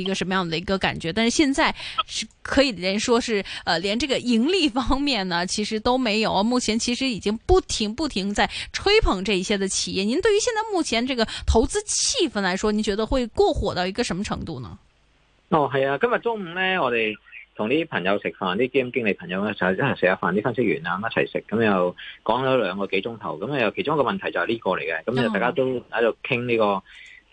一個什麼樣的一個感覺？但是現在是可以連說是呃，連這個盈利方面呢，其實都沒有。目前其實已經不停不停在吹捧這一些的企業。您對於現在目前這個投資氣氛來說，您覺得會過火到一個什麼程度呢？哦，係啊，今日中午呢，我哋同啲朋友食飯，啲基金經理朋友咧就一齊食下飯，啲分析員啊一齊食，咁又講咗兩個幾鐘頭，咁又其中一個問題就係呢個嚟嘅，咁就大家都喺度傾呢個。嗯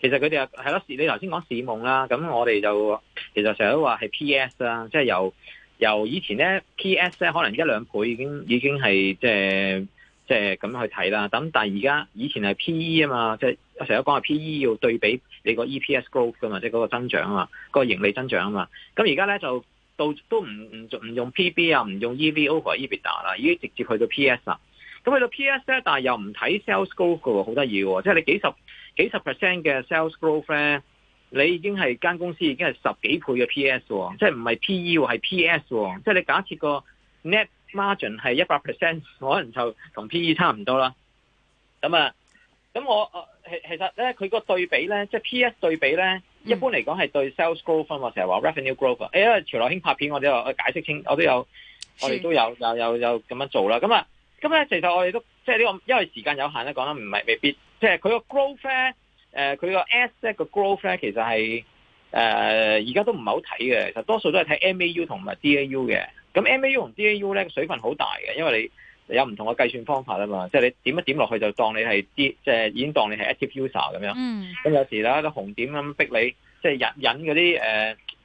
其實佢哋係咯，你頭先講市夢啦，咁我哋就其實成日都話係 PS 啦，即係由由以前咧 PS 咧可能一兩倍已經已經係即係即係咁去睇啦。咁但係而家以前係 PE 啊嘛，即係成日都講係 PE 要對比你個 EPS growth 噶嘛，即係嗰個增長啊，個盈利增長啊嘛。咁而家咧就到都唔唔唔用 PB 啊，唔用 EV over EBITDA 啦，已經直接去到 PS 啦。咁去到 PS 咧，但係又唔睇 sales growth 喎，好得意喎！即係你幾十幾十 percent 嘅 sales growth 呢，你已經係間公司已經係十幾倍嘅 PS 喎、哦，即係唔係 PE 喎，係 PS 喎、哦！即係你假設個 net margin 係一百 percent，可能就同 PE 差唔多啦。咁啊，咁我其其實咧，佢個對比咧，即係 PS 對比咧、嗯，一般嚟講係對 sales growth 喎，成日話 revenue growth 喎、哎。因為潮流興拍片，我都有解釋清，我都有我哋都有有有有咁樣做啦。咁啊～咁咧，其實我哋都即係呢個，因為時間有限咧，講得唔係未必。即係佢個 growth 咧、呃，誒佢個 asset 個 growth 咧，其實係誒而家都唔係好睇嘅。其實多數都係睇 M A U 同埋 D A U 嘅。咁 M A U 同 D A U 咧，個水分好大嘅，因為你有唔同嘅計算方法啊嘛。即係你點一點落去就當你係啲即係已經當你係 active user 咁樣。咁、嗯、有時咧，個紅點咁逼你，即係引引嗰啲誒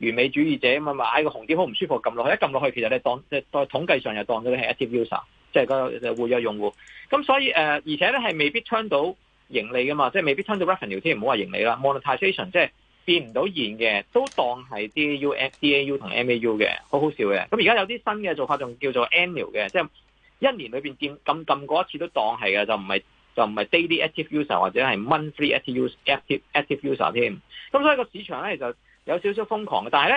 完美主義者啊嘛。嗌個紅點好唔舒服，撳落去一撳落去，其實你當即係統計上又當咗你係 active user。即係個活躍用戶，咁所以誒，而且咧係未必 turn 到盈利噶嘛，即係未必 turn 到 revenue 添，唔好話盈利啦。Monetization 即係變唔到現嘅，都當係 DAU DAU 同 MAU 嘅，好好笑嘅。咁而家有啲新嘅做法仲叫做 annual 嘅，即係一年裏邊撳咁撳過一次都當係嘅，就唔係就唔係 daily active user 或者係 monthly active active active user 添。咁所以個市場咧就有少少瘋狂嘅，但係咧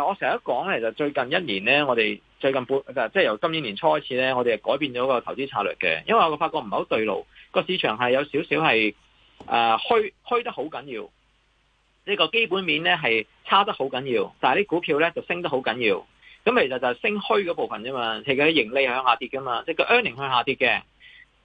誒，我成日都講咧，就最近一年咧，我哋。最近本即係由今年年初開始咧，我哋係改變咗個投資策略嘅，因為我發覺唔係好對路，個市場係有少少係誒虛虛得好緊要，呢個基本面咧係差得好緊要，但係啲股票咧就升得好緊要，咁其實就係升虛嗰部分啫嘛，其實啲盈利係向下跌噶嘛，即係個 earnings 向下跌嘅，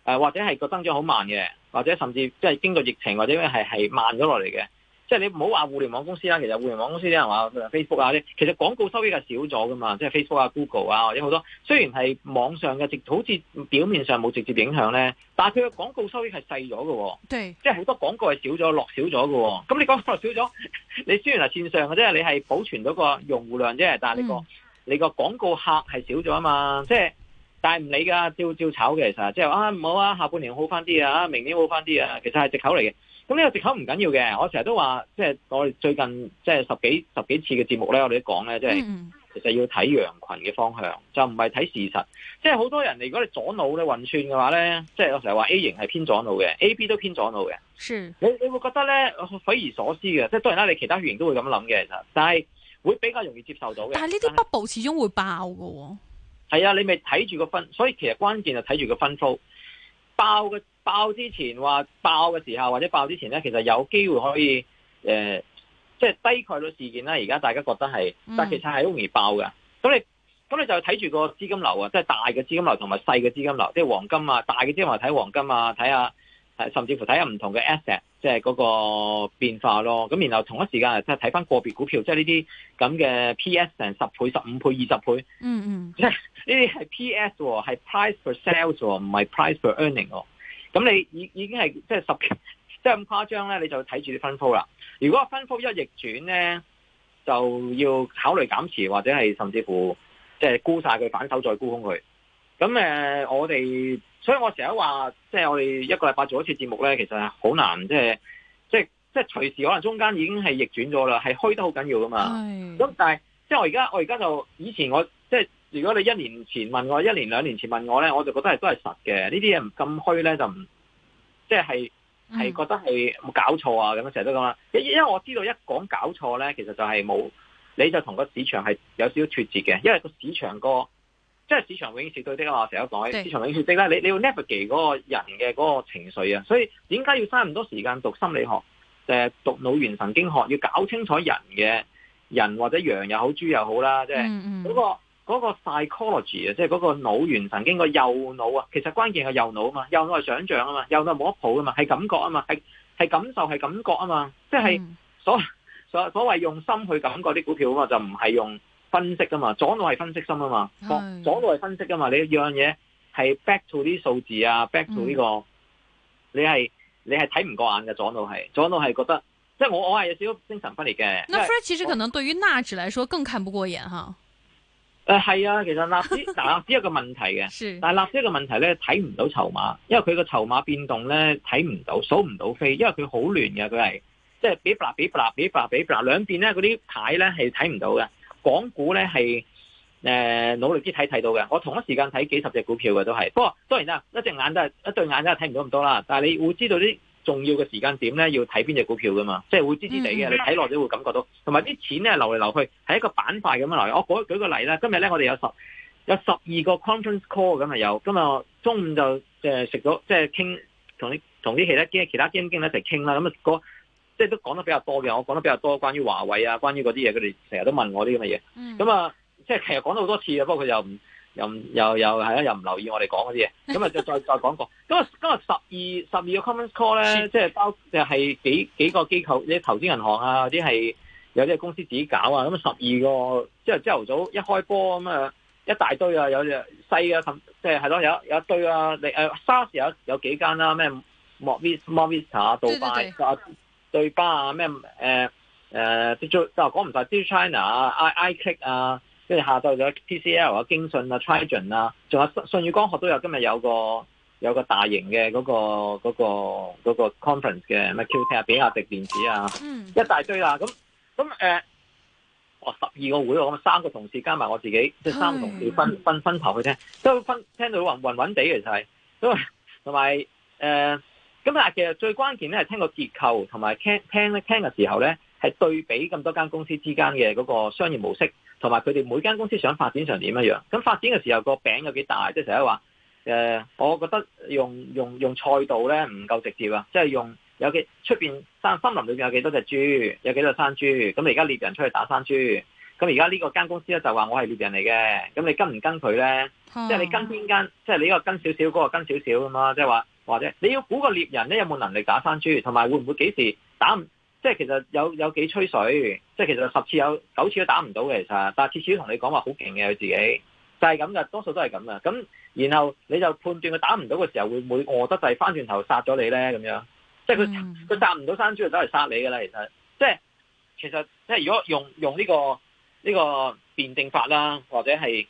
誒或者係個增長好慢嘅，或者甚至即係經過疫情或者係係慢咗落嚟嘅。即係你唔好話互聯網公司啦，其實互聯網公司啲人話 Facebook 啊啲，其實廣告收益係少咗噶嘛。即係 Facebook 啊、Google 啊或者好多，雖然係網上嘅直，好似表面上冇直接影響咧，但係佢嘅廣告收益係細咗嘅。對。即係好多廣告係少咗，落少咗喎。咁你講落少咗，你雖然係線上嘅係你係保存咗個用戶量啫，但係你個、嗯、你個廣告客係少咗啊嘛。即係，但係唔理㗎，照照炒嘅其實即係啊唔好啊，下半年好翻啲啊，明年好翻啲啊，其實係藉口嚟嘅。咁呢個藉口唔緊要嘅，我成日都話，即係我哋最近即係十幾十幾次嘅節目咧，我哋都講咧，即係，嗯嗯，其實要睇羊群嘅方向，就唔係睇事實。即係好多人，如果你左腦咧運算嘅話咧，即係我成日話 A 型係偏左腦嘅，A B 都偏左腦嘅。是你你會覺得咧匪夷所思嘅。即係當然啦，你其他血型都會咁諗嘅其實，但係會比較容易接受到嘅。但係呢啲泡泡始終會爆嘅喎。係啊，你咪睇住個分，所以其實關鍵就睇住個分數。爆嘅爆之前，話爆嘅時候或者爆之前咧，其實有機會可以誒，即係低概率事件啦。而家大家覺得係，但其實係好容易爆㗎。咁你咁你就睇住個資金流啊，即係大嘅資金流同埋細嘅資金流，即係黃金啊，大嘅資金流睇黃金啊，睇下。甚至乎睇下唔同嘅 asset，即係嗰個變化咯。咁然後同一時間即係睇翻個別股票，即係呢啲咁嘅 PS 成十倍、十五倍、二十倍。嗯嗯，即係呢啲係 PS 喎，係 price per sales 喎，唔係 price per earning 喎。咁你已已經係即係十幾，即係咁誇張咧，你就睇住啲分鋪啦。如果個分鋪一逆轉咧，就要考慮減持或者係甚至乎即係沽晒佢，反手再沽空佢。咁、呃、我哋。所以我成日話，即係我哋一個禮拜做一次節目咧，其實係好難，即係即係即係隨時可能中間已經係逆轉咗啦，係虛得好緊要噶嘛。咁但係即係我而家我而家就以前我即係如果你一年前問我，一年兩年前問我咧，我就覺得係都係實嘅。呢啲嘢唔咁虛咧，就唔即係係覺得係冇搞錯啊咁樣成日都咁啦。因為我知道一講搞錯咧，其實就係冇你就同個市場係有少少脫節嘅，因為個市場個。即係市場永遠是對的啊嘛，我成日講市場永遠是對的啦。你你要 navigate 嗰個人嘅嗰個情緒啊，所以點解要嘥咁多時間讀心理學，誒、就係、讀腦原神經學，要搞清楚人嘅人，人或者羊又好豬又好啦，即係嗰個 psychology 啊，即係嗰個腦原神經個右腦啊，其實關鍵係右腦啊嘛，右腦係想像啊嘛，右腦冇得抱啊嘛，係感覺啊嘛，係係感受係感覺啊嘛，即、就、係、係、所所所謂用心去感覺啲股票啊嘛，就唔係用。分析噶嘛，左腦係分析心啊嘛，左腦係分析噶嘛，你一樣嘢係 back to 啲數字啊，back to 呢個、嗯，你係你係睇唔過眼嘅，左腦係左腦係覺得，即係我我係有少少精神分裂嘅。那飛其實可能對於納指來說更看不過眼哈。誒係、呃、啊，其實納指納指有個問題嘅， 但係納指嘅問題咧睇唔到籌碼，因為佢個籌碼變動咧睇唔到，數唔到飛，因為佢好亂嘅，佢係即係比拔比拔比拔比拔，兩邊咧嗰啲牌咧係睇唔到嘅。港股咧係誒努力啲睇，睇到嘅。我同一時間睇幾十隻股票嘅都係，不過當然啦，一隻眼都係一對眼都係睇唔到咁多啦。但係你會知道啲重要嘅時間點咧，要睇邊隻股票㗎嘛，即係會知知地嘅。你睇落都會感覺到，同埋啲錢咧流嚟流去，係一個板塊咁樣嚟。我舉舉個例啦，今日咧我哋有十有十二個 conference call 咁係有，今日中午就食咗，即係傾同啲同啲其他經其他基金經理一齊傾啦。咁、嗯、啊、那個即係都講得比較多嘅，我講得比較多關於華為啊，關於嗰啲嘢，佢哋成日都問我啲咁嘅嘢。咁、嗯、啊，即係其實講咗好多次啊，不過佢又唔又唔又又係啊，又唔留意我哋講嗰啲嘢。咁 啊，就再再講過。咁啊，今日十二十二個 comments call 咧，即係包即係幾幾個機構，啲投資銀行啊，啲係有啲公司自己搞啊。咁啊，十二個即係朝頭早一開波咁啊，一大堆啊，有隻細啊，即係係咯，有有一堆啊，你、啊、誒，Sas 有有幾間啦，咩 Moist Moist 啊，Mavita，杜拜啊。對對對。對吧啊？咩？誒、呃、誒，就講唔晒，Digit China 啊，I I Click 啊，跟住下晝咗 TCL 啊，京信啊 Trident 啊，仲、啊、有信宇光學都有。今日有個有個大型嘅嗰、那個嗰、那個嗰、那個那個 conference 嘅咩？QT 下比亞迪電子啊，嗯、一大堆啦、啊。咁咁誒，十二、呃哦、個會喎，咁三個同事加埋我自己，即三個同事分分分，分，分頭去聽，都分聽到暈暈暈哋，其實係。都同埋誒。咁但係其實最關鍵咧係聽個結構，同埋聽聽咧聽嘅時候咧，係對比咁多間公司之間嘅嗰個商業模式，同埋佢哋每間公司想發展成點一樣？咁發展嘅時候個餅有幾大？即係成日話誒，我覺得用用用賽道咧唔夠直接啊！即係用有幾出面森林裏邊有幾多隻豬，有幾多隻山豬？咁你而家獵人出去打山豬，咁而家呢個間公司咧就話我係獵人嚟嘅，咁你跟唔跟佢咧、嗯？即係你跟邊間？即係你一個跟少少，嗰、那個跟少少咁咯？即係話。或者你要估個獵人咧有冇能力打山豬，同埋會唔會幾時打？即係其實有有幾吹水，即係其實十次有九次都打唔到嘅其實。但係次次都同你講話好勁嘅佢自己，就係咁噶，多數都係咁噶。咁然後你就判斷佢打唔到嘅時候會唔會餓得滯翻轉頭殺咗你咧？咁樣即係佢佢打唔到山豬就走嚟殺你噶啦。其實即係其實即係如果用用呢個呢個辯證法啦，或者係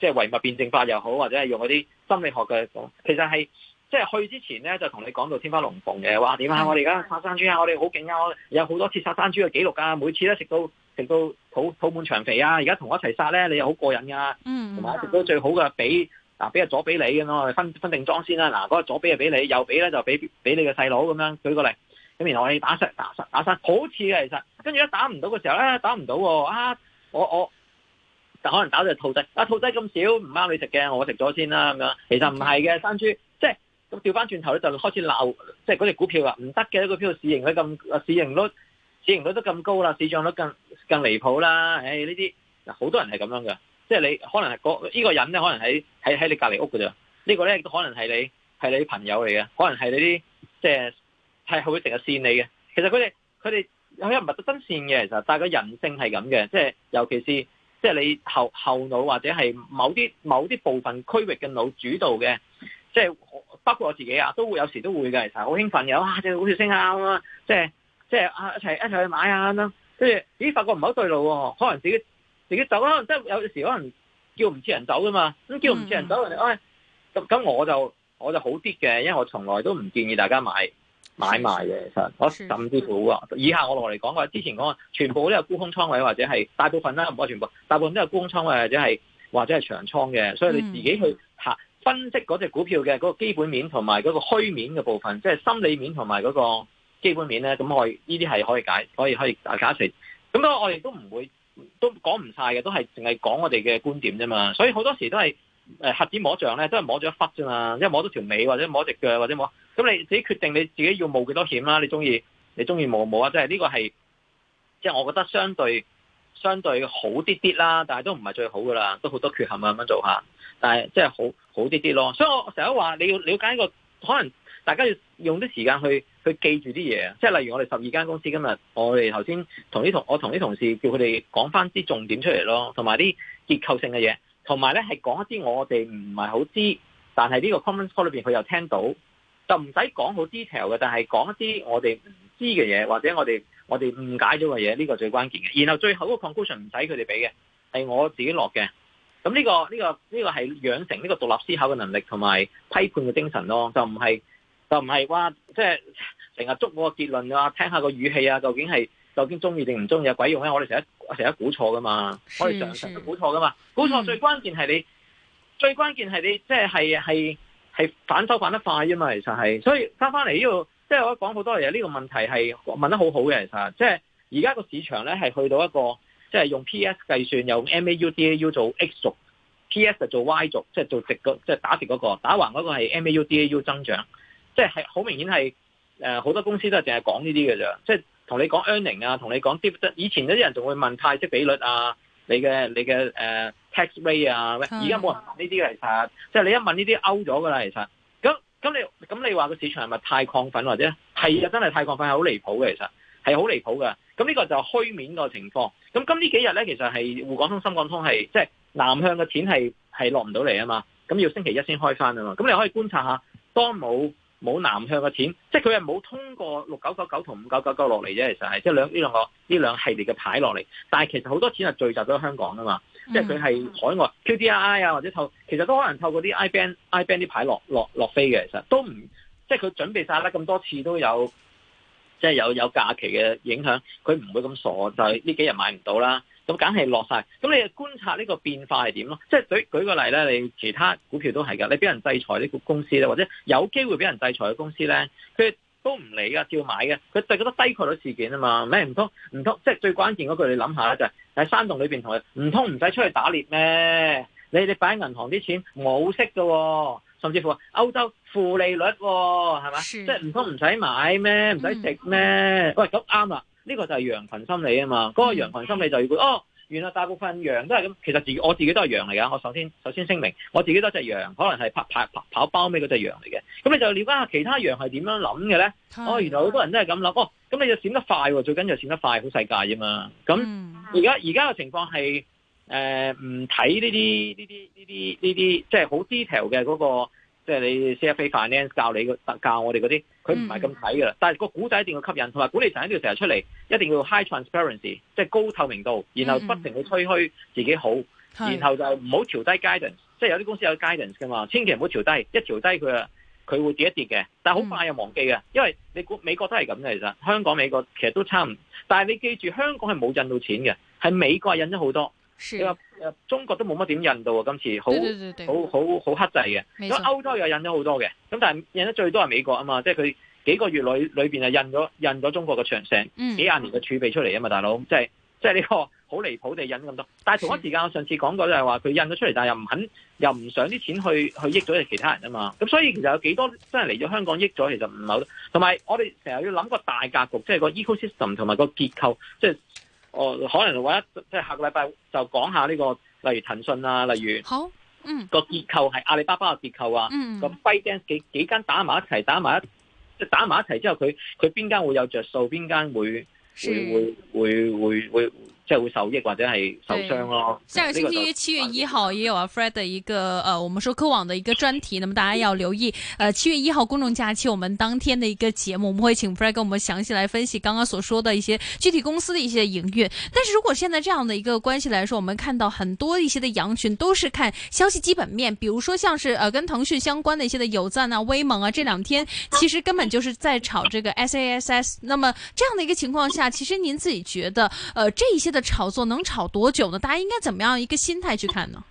即係唯物辯證法又好，或者係用嗰啲心理學嘅講，其實係。即係去之前咧，就同你講到天花龍鳳嘅，話點啊？我哋而家殺山豬啊，我哋好勁啊！我有好多次殺山豬嘅紀錄啊！每次咧食到食到肚肚滿腸肥啊！而家同我一齊殺咧，你又好過癮噶、啊，同埋食到最好嘅，俾嗱俾啊左俾你咁樣，分分定裝先啦、啊。嗱，嗰個左俾就俾你，右俾咧就俾俾你個細佬咁樣，舉過嚟咁。然後我哋打殺打殺打殺，好似嘅其實。跟住一打唔到嘅時候咧、啊，打唔到啊，啊！我我但可能打隻兔仔啊，兔仔咁少唔啱你食嘅，我食咗先啦、啊、咁樣。其實唔係嘅山豬。咁掉翻轉頭咧，就開始鬧，即係嗰隻股票啊，唔得嘅，嗰票市盈率咁，市盈率、市盈率都咁高啦，市漲率更更離譜啦，誒呢啲好多人係咁樣嘅，即係你可能係個呢個人咧，可能喺喺喺你隔離屋嘅啫，呢個咧都可能係你係你朋友嚟嘅，可能係你啲即係係會成日線你嘅，其實佢哋佢哋佢又唔係得真線嘅，其實大家人性係咁嘅，即係尤其是即係你後後腦或者係某啲某啲部分區域嘅腦主導嘅。即係包括我自己啊，都會有時都會嘅，其實好興奮嘅。哇，隻股票升啊，啊，即係即係啊，一齊一齊去買一下咁跟住咦，發覺唔係好對路喎，可能自己自己走啊，即係有時可能叫唔切人走噶嘛，咁叫唔切人走嚟，唉、嗯，咁我就我就好啲嘅，因為我從來都唔建議大家買買賣嘅，其實我甚至乎啊，以下我同你講嘅，之前講啊，全部都有沽空倉位或者係大部分啦，唔係全部，大部分都有沽空倉位或者係或者係長倉嘅，所以你自己去吓。嗯分析嗰隻股票嘅嗰個，就是、個基本面同埋嗰個虛面嘅部分，即係心理面同埋嗰個基本面咧，咁我呢啲係可以解，可以可以大家一齊。咁我我哋都唔會都講唔晒嘅，都係淨係講我哋嘅觀點啫嘛。所以好多時都係誒核子摸象咧，都係摸咗一忽啫嘛，因為摸到條尾或者摸隻腳或者摸，咁你自己決定你自己要冒幾多險啦，啊。你中意你中意冒冒啊？即係呢個係即係我覺得相對。相對好啲啲啦，但係都唔係最好噶啦，都好多缺陷啊，咁樣做下，但係即係好好啲啲咯。所以我成日話你要了解一個，可能大家要用啲時間去去記住啲嘢。即係例如我哋十二間公司今日，我哋頭先同啲同我同啲同事叫佢哋講翻啲重點出嚟咯，同埋啲結構性嘅嘢，同埋咧係講一啲我哋唔係好知，但係呢個 conference call 裏面，佢又聽到，就唔使講好 detail 嘅，但係講一啲我哋唔知嘅嘢，或者我哋。我哋誤解咗個嘢，呢個最關鍵嘅。然後最後個 conclusion 唔使佢哋俾嘅，係我自己落嘅。咁呢個呢個呢個係養成呢個獨立思考嘅能力同埋批判嘅精神咯。就唔係就唔係話即係成日捉我個結論啊，聽下個語氣啊，究竟係究竟中意定唔中意有鬼用咩？我哋成日成日估錯噶嘛，我哋常常都估錯噶嘛。估、嗯、錯、嗯、最關鍵係你，最關鍵係你即係係係係反手反得快啫嘛。其實係，所以翻翻嚟呢個。即係我講好多嘢，呢個問題係問得好好嘅，其實。即係而家個市場咧係去到一個，即係用 PS 計算，有 MAU DAU 做 X 軸，PS 就做 Y 軸，即係做直個，即係打直嗰個，打橫嗰個係 MAU DAU 增長。即係好明顯係誒好多公司都係淨係講呢啲嘅啫。即係同你講 earning 啊，同你講 dividend。以前一啲人仲會問派息比率啊，你嘅你嘅誒、uh, tax rate 啊，而家冇人問呢啲嘅，其實。即係你一問呢啲 out 咗㗎啦，其實就是。咁你咁你話個市場係咪太亢奮或者係啊？真係太亢奮係好離譜嘅，其實係好離譜嘅。咁呢個就虛面個情況。咁今呢幾日咧，其實係滬港通、深港通係即係南向嘅錢係係落唔到嚟啊嘛。咁要星期一先開翻啊嘛。咁你可以觀察下，當冇冇南向嘅錢，即係佢係冇通過六九九九同五九九九落嚟啫。其實係即係兩呢兩個呢兩系列嘅牌落嚟，但係其實好多錢係聚集咗香港啊嘛。嗯、即係佢係海外 QDII 啊，或者透，其實都可能透過啲 iBand、iBand 啲牌落落落飛嘅，其實都唔即係佢準備晒啦。咁多次都有，即係有有假期嘅影響，佢唔會咁傻，就係呢幾日買唔到啦。咁梗係落晒。咁你觀察呢個變化係點咯？即係舉舉個例咧，你其他股票都係㗎，你俾人制裁呢個公司咧，或者有機會俾人制裁嘅公司咧，佢。都唔理㗎，照買嘅。佢就覺得低確率事件啊嘛。咩唔通唔通？即係最關鍵嗰句，你諗下咧，就係喺山洞裏面同佢唔通唔使出去打獵咩？你哋擺喺銀行啲錢冇息㗎喎，甚至乎歐洲負利率喎，係咪？即係唔通唔使買咩？唔使食咩？喂，咁啱啦！呢個就係羊群心理啊嘛。嗰個羊群心理就要、嗯、哦。原來大部分羊都係咁，其實自我自己都係羊嚟㗎。我首先首先聲明，我自己都係隻羊，可能係跑跑跑跑包尾嗰隻羊嚟嘅。咁你就瞭解一下其他羊係點樣諗嘅咧？哦，原來好多人都係咁諗。哦，咁你就閃得快，最緊要閃得快，好世界啫嘛。咁而家而家嘅情況係誒，唔睇呢啲呢啲呢啲呢啲，即係好 detail 嘅嗰個。即、你 CFA finance 教你教我哋嗰啲，佢唔係咁睇㗎啦。但係個故仔一定要吸引，同埋管理層一定要成日出嚟，一定要 high transparency，即係高透明度，然後不停去吹噓自己好，嗯、然後就唔好調低 guidance。即、有啲公司有 guidance 㗎嘛，千祈唔好調低。一調低佢啊，佢會跌一跌嘅。但係好快又忘記嘅、嗯，因為你估美國都係咁嘅。其實香港美國其實都差唔，但係你記住香港係冇印到錢嘅，係美國印咗好多。中國都冇乜點印到啊，今次對對對對好好好好克制嘅。因為歐洲又印咗好多嘅，咁但係印得最多係美國啊嘛，即係佢幾個月裏裏邊印咗印咗中國嘅長城，幾廿年嘅儲備出嚟啊嘛，大佬，即係即係呢個好離譜地印咁多。但係同一時間，我上次講過就係話佢印咗出嚟，但係又唔肯又唔想啲錢去去益咗其他人啊嘛。咁所以其實有幾多真係嚟咗香港益咗，其實唔係好。同埋我哋成日要諗個大格局，即係個 ecosystem 同埋個結構，即係。哦，可能或者即係下個禮拜就講下呢個，例如騰訊啊，例如好，嗯，個結構係阿里巴巴嘅結構啊，嗯，咁字節跳動幾幾間打埋一齊，打埋一即係打埋一齊之後，佢佢邊間會有着數，邊間會會會會會會。會即係會受益或者係受傷咯。下、這個星期七月一號也有啊 Fred 的一個 呃，我們說科網的一個專題，那麼大家要留意。呃，七月一號公眾假期，我們當天的一個節目，我們會請 Fred 跟我們詳細來分析剛剛所說的一些具體公司的一些營運。但是如果現在這樣的一個關係來說，我們看到很多一些的羊群都是看消息基本面，比如說像是呃跟騰訊相關的一些的有贊啊、威猛啊，這兩天其實根本就是在炒這個 SAS。s 那麼這樣的一個情況下，其實您自己覺得呃這一些的？炒作能炒多久呢？大家應該怎麼樣一個心態去睇呢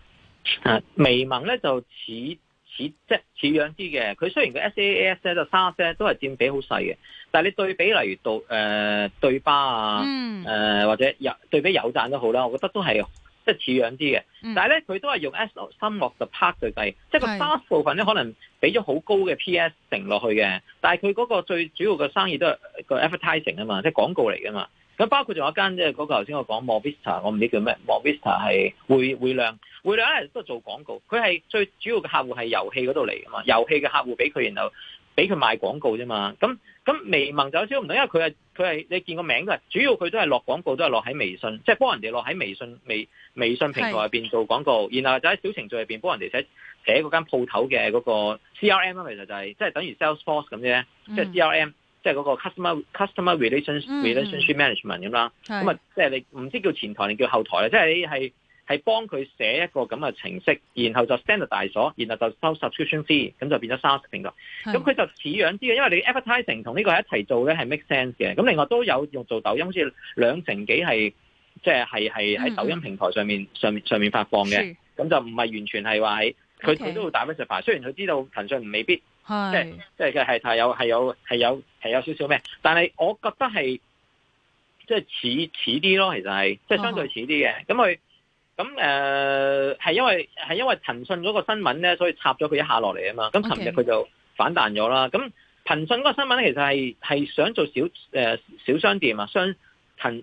？Uh, 微盟咧就似似即係似樣啲嘅，佢雖然個 SaaS 咧就三十 percent 都係佔比好細嘅，但係你對比例如到誒、呃、對巴啊，誒、呃、或者有、呃、對比有贊都好啦，我覺得都係即係似樣啲嘅、mm. 嗯就是。但係咧佢都係用 S 音樂嘅 part 去計，即係個 part 部分咧可能俾咗好高嘅 P S 乘落去嘅，但係佢嗰個最主要嘅生意都係個 advertising 啊嘛，即係廣告嚟噶嘛。咁包括仲有一間即係嗰個頭先我講 Mobvista 我唔知叫咩 Mobvista 係匯量，匯量咧都做廣告，佢係最主要嘅客戶係遊戲嗰度嚟噶嘛，遊戲嘅客戶俾佢，然後俾佢賣廣告啫嘛。咁咁微盟就少唔到，因為佢係佢係你見個名都係，主要佢都係落廣告，都係落喺微信，即係幫人哋落喺微信微微信平台入邊做廣告，然後就喺小程序入邊幫人哋寫寫嗰間鋪頭嘅嗰個 CRM 啊，其實就係即係等於 Salesforce 咁啫，即係 CRM，嗯。即係嗰個 customer customer relationship relationship management 咁、嗯、啦，咁啊即係你唔知叫前台定叫後台咧，即、就、係、是、你係係幫佢寫一個咁嘅程式，然後就 standard 大咗，然後就收 subscription fee，咁就變咗 SaaS 平台。咁佢就似樣啲嘅，因為你 advertising 同呢個一齊做咧係 make sense 嘅。咁另外都有用做抖音，好似兩成幾係即係係係喺抖音平台上面、嗯、上面上面發放嘅，咁就唔係完全係話佢，佢都會打 message，雖然佢知道騰訊未必。即係即係佢係有係有係有係有少少咩？但係我覺得係即係似似啲咯，其實係即係相對似啲嘅。咁佢咁誒係因為係因為騰訊嗰個新聞咧，所以插咗佢一下落嚟啊嘛。咁尋日佢就反彈咗啦。咁、okay. 騰訊嗰個新聞呢其實係係想做小、呃、小商店啊，商、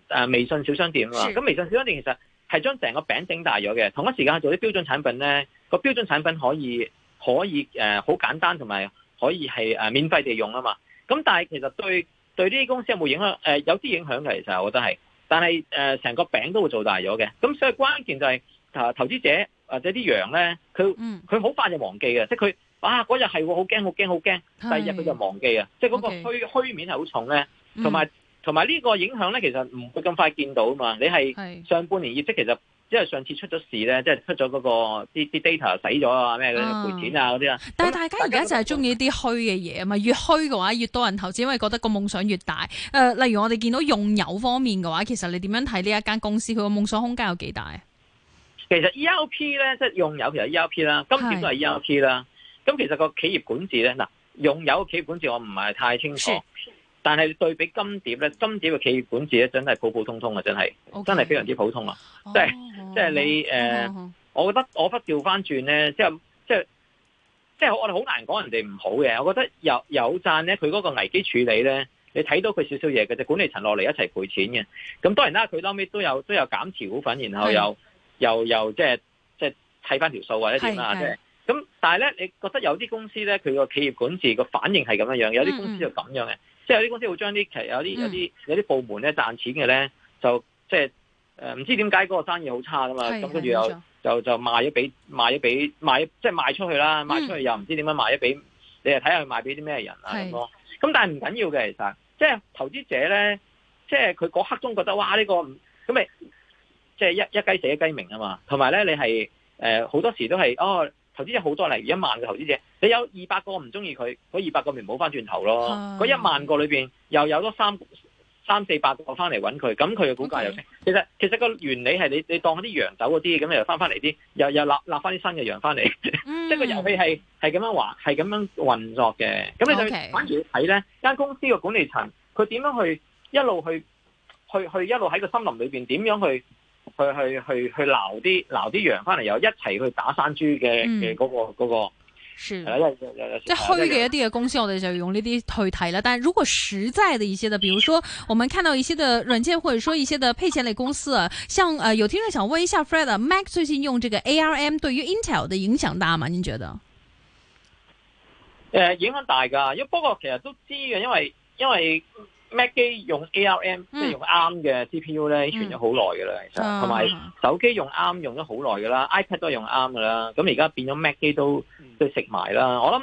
呃、微信小商店啊。咁微信小商店其實係將成個餅整大咗嘅。同一時間做啲標準產品咧，個標準產品可以。可以誒，好、呃、簡單同埋可以係、呃、免費地用啊嘛。咁但係其實對對呢啲公司有冇影響？呃、有啲影響嘅，其實我覺得係。但係誒成個餅都會做大咗嘅。咁所以關鍵就係、是、投、啊、投資者或者啲羊咧，佢佢好快就忘記嘅、嗯，即係佢啊嗰日係會好驚好驚好驚，第二日佢就忘記啊。即係嗰個虛, okay, 虛面係好重咧，同埋同埋呢個影響咧，其實唔會咁快見到啊嘛。你係上半年業績其實。因為上次出咗事咧，即係出咗嗰、那個啲啲 data 死咗啊咩賠錢啊嗰啲啊。但係大家而家就係中意啲虛嘅嘢啊嘛，越虛嘅話越多人投資，因為覺得個夢想越大。誒、呃，例如我哋見到用友方面嘅話，其實你點樣睇呢一間公司，佢個夢想空間有幾大？其實 ERP 咧，即係用友，其實 ERP 啦，今次都係 ERP 啦。咁其實個企業管治咧，嗱，用友企業管治我唔係太清楚。但係對比金蝶咧，金蝶嘅企業管治咧真係普普通通啊，真係，okay. 真係非常之普通啊，oh, 即係即係你誒，oh, uh, okay. 我覺得我忽調翻轉咧，即係即係即係我哋好難講人哋唔好嘅，我覺得有有贊咧，佢嗰個危機處理咧，你睇到佢少少嘢嘅，就管理層落嚟一齊賠錢嘅，咁當然啦，佢當尾都有都有減持股份，然後又又又即係即係砌翻條數或者點啦。咁、嗯、但係咧，你覺得有啲公司咧，佢個企業管治個反應係咁樣樣，有啲公司就咁樣嘅、嗯，即係有啲公司會將啲其有啲有啲有啲部門咧賺錢嘅咧，就即係唔知點解嗰個生意好差㗎嘛，咁跟住又就就賣咗俾賣咗俾賣即係、就是、賣出去啦，賣出去又唔知點樣賣咗俾、嗯、你，又睇下佢賣俾啲咩人啊咁咯。咁但係唔緊要嘅，其實即係投資者咧，即係佢嗰刻中覺得哇呢、這個咁咪即係一一雞死一雞鳴啊嘛。同埋咧，你係誒好多時都係哦。投資者好多例如，一萬嘅投資者，你有二百個唔中意佢，嗰二百個咪冇翻轉頭咯。嗰、嗯、一萬個裏邊，又有咗三三四百個翻嚟揾佢，咁佢嘅股價又升。其實其實個原理係你你當啲羊走嗰啲，咁你又翻翻嚟啲，又又立立翻啲新嘅羊翻嚟。即、嗯、係 個遊戲係係咁樣玩，係咁樣運作嘅。咁你就反而要睇咧，間、okay. 公司嘅管理層佢點樣去一路去去去一路喺個森林裏邊點樣去？去去去去撈啲撈啲羊，翻嚟又一齊去打山豬嘅嘅嗰個嗰個，係、那、啦、個，虛嘅、呃、一啲嘅公司，我哋就用呢啲去睇啦。但如果實在的一些的，比如說我們看到一些嘅軟件，或者說一些嘅配件類公司，啊，像、呃、誒有聽眾想問一下 Fred Mac、啊、最近用這個 ARM 對於 Intel 的影響大嗎？你覺得？誒、呃，影響大噶，因為不過其實都知嘅，因為因為。Mac 機用 ARM 即係用 ARM 嘅 CPU 咧，用咗好耐嘅啦，其實同埋手機用 ARM 用咗好耐嘅啦，iPad 都係用 ARM 嘅啦。咁而家變咗 Mac 機都都食埋啦。我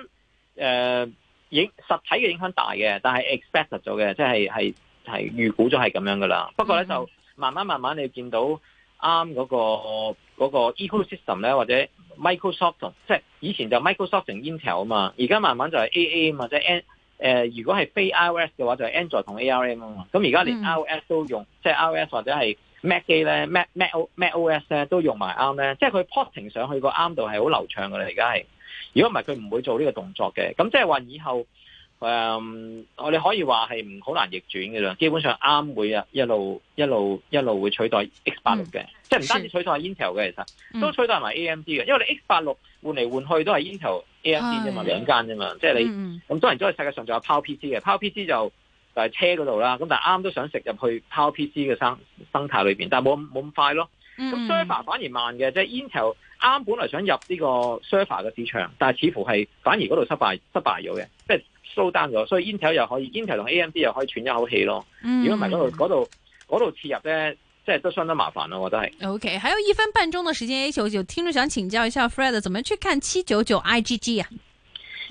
諗誒影實體嘅影響大嘅，但係 expect 咗嘅，即係係係預估咗係咁樣嘅啦。不過咧就慢慢慢慢你見到 ARM 嗰個嗰個 ecosystem 咧，或者 Microsoft 即係以前就 Microsoft 同 Intel 啊嘛，而家慢慢就係 AA 啊嘛，或者 N。誒、呃，如果係非 iOS 嘅話，就係 Android 同 ARM 啊嘛。咁而家連 iOS 都用，嗯、即係 iOS 或者係 Mac 機咧、嗯、Mac Mac OS 咧都用埋啱咧。即係佢 porting 上去個啱度係好流暢㗎啦。而家係，如果唔係佢唔會做呢個動作嘅。咁即係話以後。誒、um，我哋可以話係唔好難逆轉嘅啦，基本上啱會啊一路一路一路會取代 X 八六嘅，即係唔單止取代 Intel 嘅，其實、嗯、都取代埋 AMD 嘅，因為你 X 八六換嚟換去都係 Intel AMD 啫嘛，兩間啫嘛，即係你咁多、嗯嗯嗯、當然都係世界上仲有 Power PC 嘅，Power PC 就係車嗰度啦，咁但係啱都想食入去 Power PC 嘅生生態裏面，但係冇冇咁快咯。咁、嗯、server 反而慢嘅，即、嗯、係、就係、Intel 啱本來想入呢個 server 嘅市場，但似乎係反而嗰度失敗失敗咗嘅，即係。slow down 咗，所以 Intel 又可以，Intel 同 AMD 又可以喘一口氣咯。嗯、如果唔係嗰度，度、嗯、度切入咧，即係都相當麻煩咯，我都係。OK 嘅，有一分半鐘嘅時間，A 九九，A9, 我聽眾想請教一下 Fred，怎麼去看七九九 IGG 啊？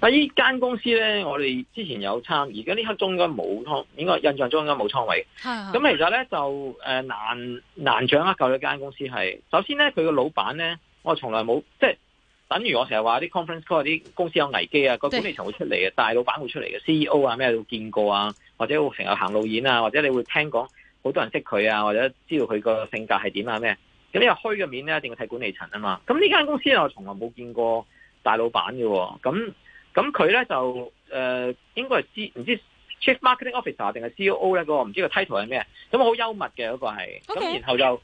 啊，依間公司咧，我哋之前有參，而家呢刻鐘應該冇倉，應該印象中應該冇倉位嘅。咁、嗯、其實咧、嗯、就誒、呃、難難掌握夠呢間公司係，首先咧佢嘅老闆咧，我從來冇即係。等於我成日話啲 conference call 啲公司有危機啊，個管理層會出嚟嘅，大老闆會出嚟嘅，CEO 啊咩都見過啊，或者會成日行路演啊，或者你會聽講好多人識佢啊，或者知道佢個性格係點啊咩。咁呢個虛嘅面咧，一定要睇管理層啊嘛。咁呢間公司咧我從來冇見過大老闆嘅、啊，咁咁佢咧就誒、呃、應該係唔知 chief marketing officer 定係 C O O 咧個個唔知個 title 係咩？咁、那、好、個、幽默嘅嗰、那個係，咁然後就、okay.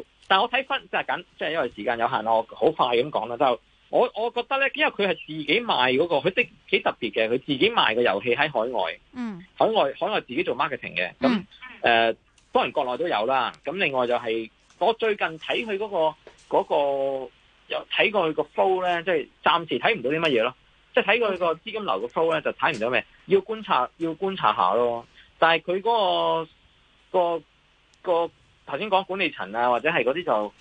就。但係我睇翻即係緊，即係因為時間有限咯，我好快咁講啦。就我我覺得咧，因為佢係自己賣嗰個，佢的幾特別嘅，佢自己賣個遊戲喺海外。嗯。海外海外自己做 marketing 嘅，咁誒、嗯呃，當然國內都有啦。咁另外就係我最近睇佢嗰個嗰個有睇過佢個 flow 咧，即係暫時睇唔到啲乜嘢咯。即係睇過佢個資金流嘅 flow 咧，就睇唔到咩，要觀察要觀察下咯。但係佢嗰個個個。那個那個頭先講管理層啊，或者係嗰啲就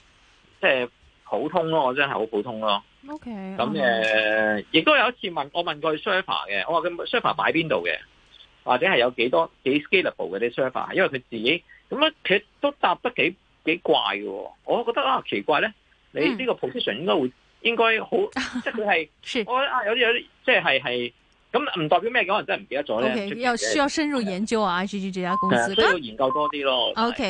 即係、就是、普通咯，我真係好普通咯。O K. 咁誒，亦、嗯、都有一次問我問佢 server 嘅，我話佢 server 擺邊度嘅，或者係有幾多幾 scalable 嘅啲 server，因為佢自己咁樣，佢都答得幾幾怪嘅。我覺得啊奇怪咧，你呢個 position 應該會、嗯、應該好，即係佢係我啊有啲有啲即係係咁唔代表咩嘅，我真係唔記得咗咧。又、okay, 需要深入研究啊，I G G 呢家公司，都、啊、要研究多啲咯。O、okay, K.、Okay,